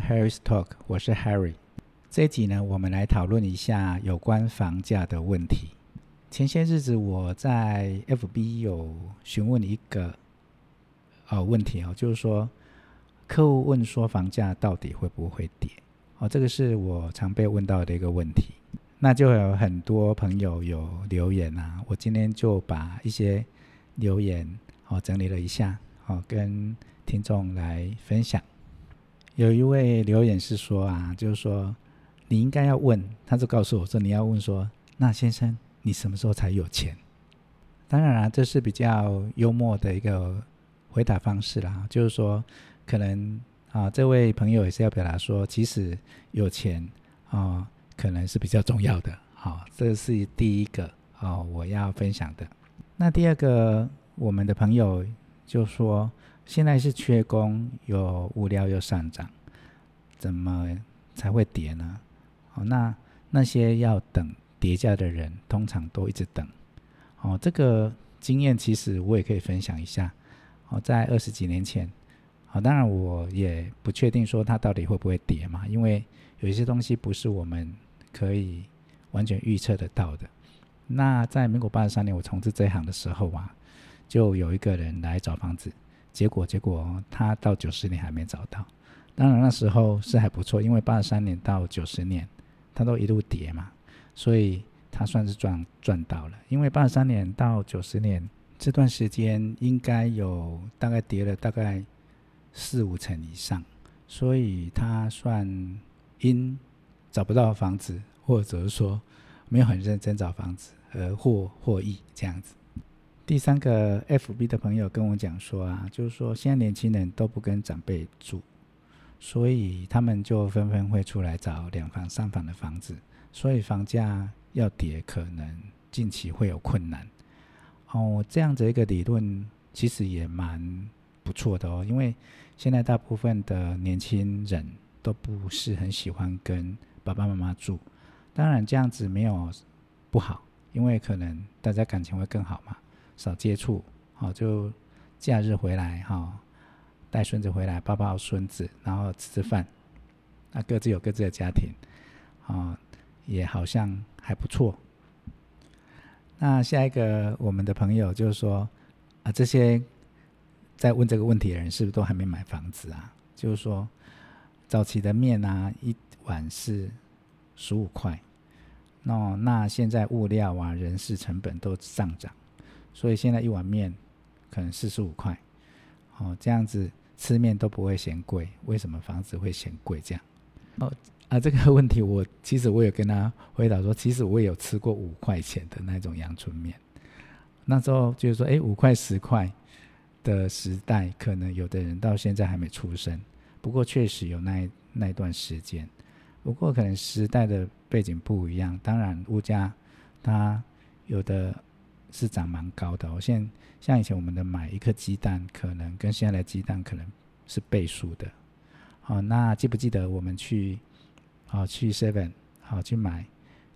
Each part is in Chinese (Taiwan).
Harry's Talk，我是 Harry。這一集呢，我們來討論一下有關房價的問題。前些日子我在 FB 有詢問一個，哦，問題，哦，就是說客戶問說房價到底會不會跌哦？這個是我常被問到的一個問題。那就有很多朋友有留言啊，我今天就把一些留言，哦，整理了一下，哦，跟聽眾來分享。有一位留言是說啊，就是說你應該要問，他就告訴我說你要問說，那先生你什麼時候才有錢？當然啦、啊，這是比較幽默的一個回答方式啦。就是說，可能啊，這位朋友也是要表達說，其實有錢啊、哦，可能是比較重要的。好，這是第一個啊、哦，我要分享的。那第二個，我們的朋友就說。現在是缺工，又物料又上漲，怎麼才會跌呢？哦，那那些要等跌價的人，通常都一直等。哦，這個經驗其實我也可以分享一下。哦，在二十幾年前，哦，當然我也不確定說它到底會不會跌嘛，因為有一些東西不是我們可以完全預測得到的。那在民國八十三年我從事這一行的時候啊，就有一個人來找房子。結果，結果他到九十年還沒找到。當然那時候是還不錯，因為八三年到九十年，他都一路跌嘛，所以他算是賺賺到了。因為八三年到九十年這段時間，應該有大概跌了大概四五成以上，所以他算因找不到房子，或者是說沒有很認真找房子而獲獲益這樣子。第三個 FB 的朋友跟我講說啊，就是說現在年輕人都不跟長輩住，所以他們就紛紛會出來找兩房、三房的房子，所以房價要跌，可能近期會有困難。哦，這樣子一個理論其實也蠻不錯的哦，因為現在大部分的年輕人都不是很喜歡跟爸爸媽媽住，當然這樣子沒有不好，因為可能大家感情會更好嘛。少接觸，好就假日回來哈，帶孫子回來，抱抱孫子，然後吃吃飯，啊，各自有各自的家庭，啊，也好像還不錯。那下一個我們的朋友就是說，啊，這些在問這個問題的人是不是都還沒買房子啊？就是說，早期的麵啊，一碗是十五塊，喏，那現在物料啊、人事成本都上漲。所以現在一碗麵可能四十五塊，哦，這樣子吃麵都不會嫌貴。為什麼房子會嫌貴？這樣哦啊，這個問題我其實我有跟他回答說，其實我也有吃過五塊錢的那種陽春麵。那時候就是說，哎，五塊十塊的時代，可能有的人到現在還沒出生。不過確實有那那段時間，不過可能時代的背景不一樣。當然，物價它有的。是漲蠻高的、哦，我現像以前我們的買一顆雞蛋，可能跟現在的雞蛋可能是倍數的、哦。好，那記不記得我們去，好、哦、去 Seven，好、哦、去買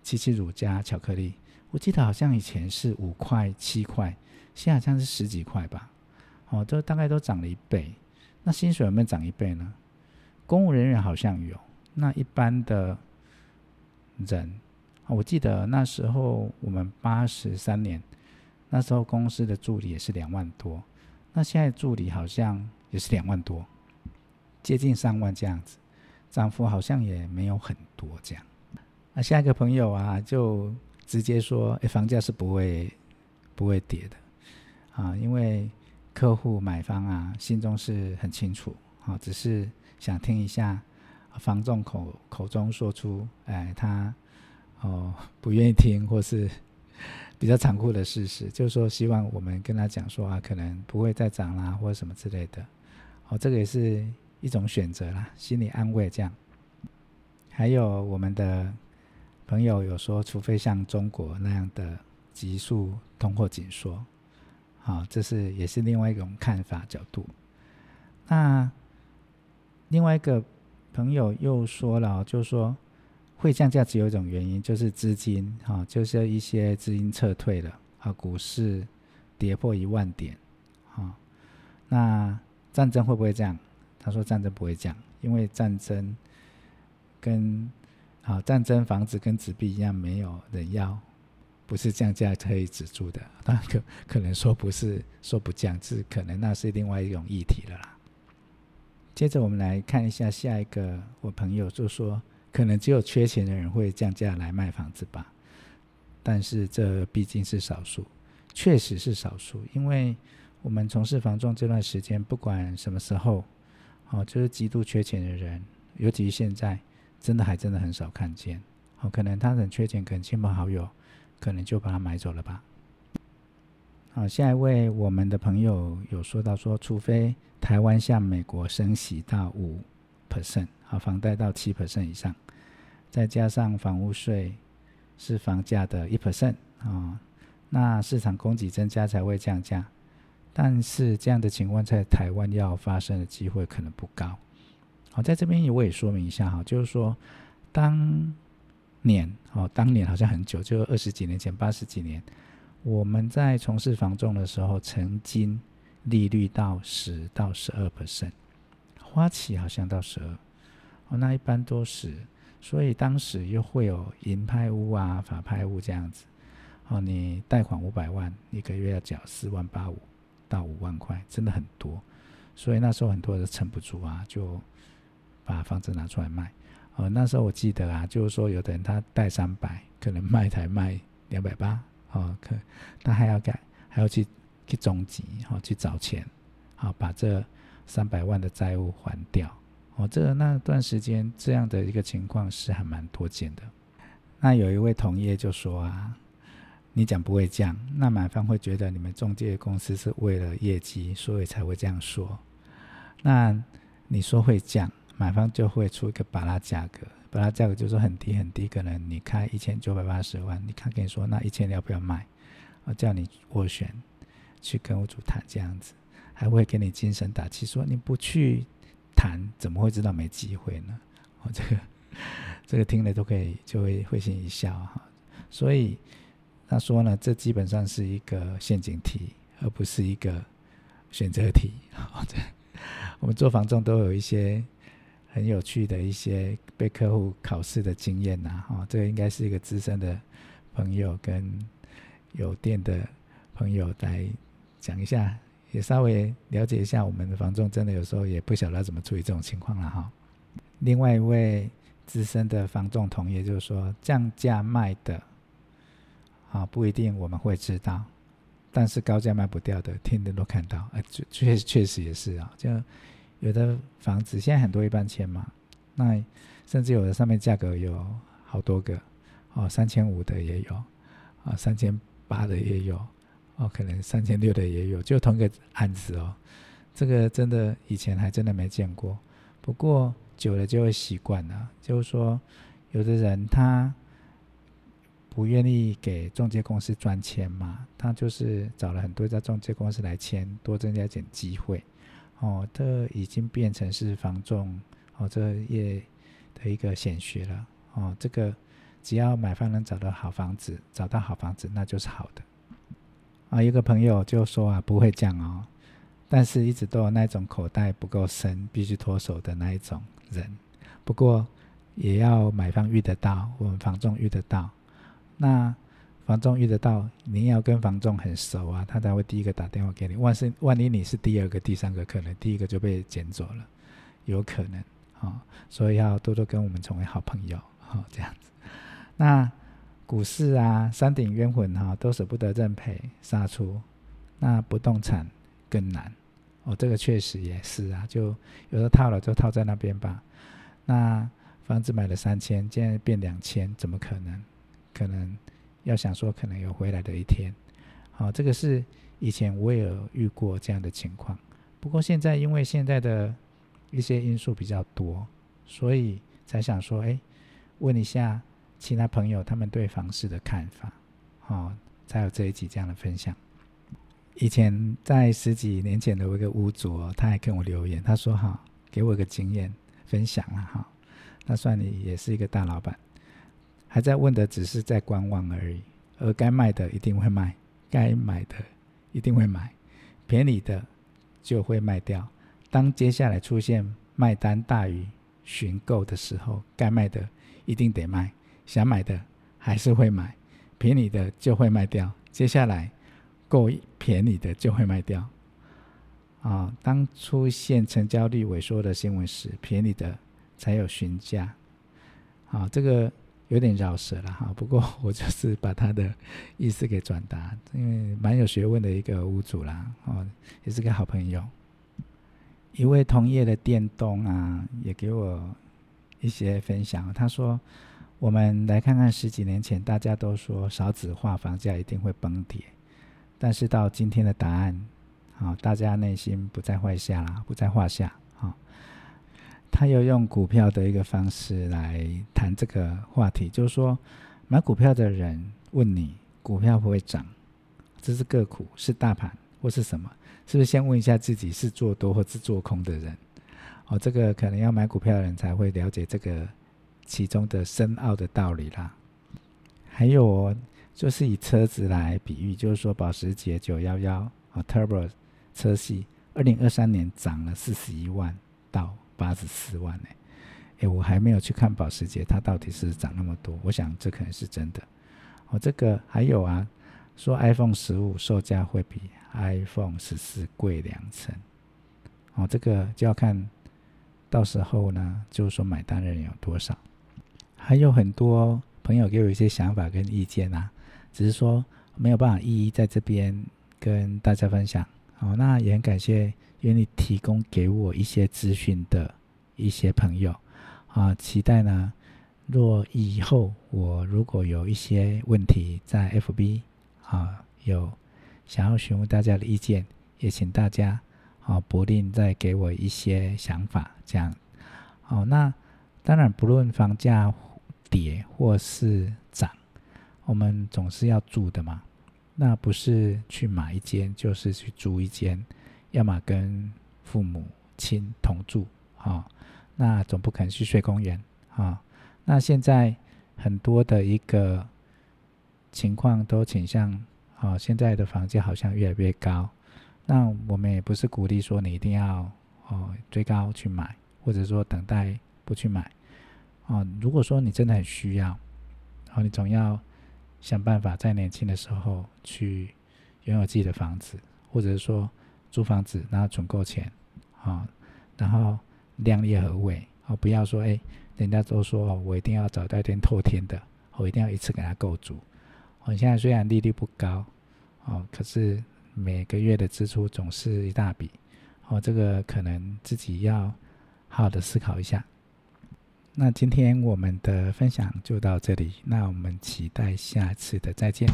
七七乳加巧克力？我記得好像以前是五塊七塊，現在好像是十幾塊吧。哦，都大概都漲了一倍。那薪水有沒有漲一倍呢？公務人員好像有，那一般的人，我記得那時候我們八十三年。那時候公司的助理也是兩萬多，那現在助理好像也是兩萬多，接近三萬這樣子，漲幅好像也沒有很多這樣。啊，下一個朋友啊，就直接說，哎、欸，房價是不會不會跌的啊，因為客戶買方啊心中是很清楚啊，只是想聽一下房仲口口中說出，哎、欸，他哦不願意聽或是。比較殘酷的事實，就是說，希望我們跟他講說啊，可能不會再漲啦，或者什麼之類的。哦，這個也是一種選擇啦，心理安慰這樣。還有我們的朋友有說，除非像中國那樣的急速通貨緊縮，好，這是也是另外一種看法角度。那另外一個朋友又說了，就是說，會降價只有一種原因，就是資金啊，就是一些資金撤退了啊，股市跌破一萬點啊。那戰爭會不會降？他說戰爭不會降，因為戰爭跟好戰爭房子跟紙幣一樣，沒有人要，不是降價可以止住的。當然可可能說不是說不降，是可能那是另外一種議題了啦。接着我們來看一下下一個，我朋友就說。可能只有缺錢的人會降價來賣房子吧，但是這畢竟是少數，確實是少數。因為我們從事房仲這段時間，不管什麼時候，哦，就是極度缺錢的人，尤其是現在，真的還真的很少看見。哦，可能他很缺錢，可能親朋好友可能就把他買走了吧。好，下一位我們的朋友有說到說，除非台灣向美國升息到五 percent。好，房貸到七 percent 以上，再加上房屋稅是房價的一 percent 啊。那市場供給增加才會降價，但是這樣的情況在台灣要發生的機會可能不高。好，在這邊也我也說明一下哈，就是說當年哦，當年好像很久，就二十幾年前，八十幾年，我們在從事房仲的時候，曾經利率到十到十二 percent，花旗好像到十二。哦，那一般都是，所以當時又會有銀拍屋啊、法拍屋這樣子。哦，你貸款五百萬，你一個月要繳四萬八五到五萬塊，真的很多。所以那時候很多人都撐不住啊，就把房子拿出來賣。哦，那時候我記得啊，就是說有的人他貸三百，可能賣才賣兩百八。哦，可他還要改，還要去去總結，好去找錢，好把這三百萬的債務還掉。我、哦、這個、那段時間這樣的一個情況是還蠻多見的。那有一位同業就說啊，你講不會降，那買方會覺得你們中介公司是為了業績，所以才會這樣說。那你說會降，買方就會出一個巴拉價格，巴拉價格就是很低很低，可能你開一千九百八十萬，你看跟你說那一千要不要賣？我叫你斡旋去跟屋主談這樣子，還會給你精神打氣說你不去。談怎麼會知道沒機會呢？哦，這個這個聽了都可以就會會心一笑哈。所以他說呢，這基本上是一個陷阱題，而不是一個選擇題。我們做房仲都有一些很有趣的一些被客戶考試的經驗吶。哦，這個應該是一個資深的朋友跟有店的朋友來講一下。也稍微了解一下我們的房仲，真的有時候也不曉得怎麼處理這種情況了哈。另外一位資深的房仲同業就是說，降價賣的，啊不一定我們會知道，但是高價賣不掉的，天天都看到，啊確確確實也是啊，就有的房子現在很多一般簽嘛，那甚至有的上面價格有好多個，哦三千五的也有，啊三千八的也有。哦，可能三千六的也有，就同個案子哦。這個真的以前還真的沒見過，不過久了就會習慣了。就是說，有的人他不願意給中介公司賺錢嘛，他就是找了很多家中介公司來簽，多增加一點機會。哦，這已經變成是房仲哦這業的一個顯學了。哦，這個只要買方能找到好房子，找到好房子那就是好的。啊，一個朋友就說啊，不會降哦，但是一直都有那種口袋不夠深，必須脫手的那一種人。不過也要買方遇得到，我們房仲遇得到。那房仲遇得到，你要跟房仲很熟啊，他才會第一個打電話給你。萬是萬一你是第二個、第三個，可能第一個就被撿走了，有可能啊、哦。所以要多多跟我們成為好朋友，好、哦、這樣子。那。股市啊，山頂冤魂哈、啊，都捨不得認賠殺出，那不動產更難哦，這個確實也是啊，就有時候套了就套在那邊吧。那房子買了三千，現在變兩千，怎麼可能？可能要想說，可能有回來的一天。好、哦，這個是以前我也有遇過這樣的情況，不過現在因為現在的一些因素比較多，所以才想說，哎、欸，問一下。其他朋友他們對房市的看法，哦，才有這一集這樣的分享。以前在十幾年前的我一個屋主哦，他還跟我留言，他說：“哈，給我個經驗分享啊，哈，那算你也是一個大老闆。”還在問的只是在觀望而已，而該賣的一定會賣，該買的一定會買，便宜的就會賣掉。當接下來出現賣單大於尋購的時候，該賣的一定得賣。想買的還是會買，便宜的就會賣掉。接下來，夠便宜的就會賣掉。啊、哦，當出現成交率萎縮的新聞時，便宜的才有詢價。啊、哦。這個有點繞舌了哈。不過我就是把他的意思給轉達，因為蠻有學問的一個屋主啦，哦，也是個好朋友。一位同業的店東啊，也給我一些分享，他說。我們來看看十幾年前，大家都說少子化房價一定會崩跌，但是到今天的答案，好，大家內心不在話下啦，不在話下。啊，他又用股票的一個方式來談這個話題，就是說，買股票的人問你股票會不會漲，這是個股是大盤或是什麼？是不是先問一下自己是做多或是做空的人？哦，這個可能要買股票的人才會了解這個。其中的深奧的道理啦，還有哦，就是以車子來比喻，就是說保時捷九幺幺啊 Turbo 車系，二零二三年漲了四十一萬到八十四萬呢。誒，我還沒有去看保時捷，它到底是漲那麼多？我想這可能是真的。哦，這個還有啊，說 iPhone 十五售價會比 iPhone 十四貴兩成。哦，這個就要看到時候呢，就是說買單的人有多少？還有很多朋友給我一些想法跟意見啊，只是說沒有辦法一一在這邊跟大家分享。哦，那也很感謝，願意提供給我一些資訊的一些朋友啊，期待呢，若以後我如果有一些問題在 FB 啊有想要詢問大家的意見，也請大家啊不吝再給我一些想法這樣。哦，那當然不論房價。跌或是漲，我們總是要住的嘛。那不是去買一間，就是去租一間，要麼跟父母親同住，哈、哦。那總不可能去睡公園，啊、哦。那現在很多的一個情況都傾向，啊、哦，現在的房價好像越來越高。那我們也不是鼓勵說你一定要哦追高去買，或者說等待不去買。啊、哦，如果說你真的很需要，然、哦、你總要想辦法在年輕的時候去擁有自己的房子，或者是說租房子，然後存夠錢，啊、哦，然後量力而為，啊、哦，不要說誒，人家都說我一定要找到一間透天的，我一定要一次給他夠足。我、哦、現在雖然利率不高，哦，可是每個月的支出總是一大筆，哦，這個可能自己要好好的思考一下。那今天我們的分享就到這裡，那我們期待下次的再見。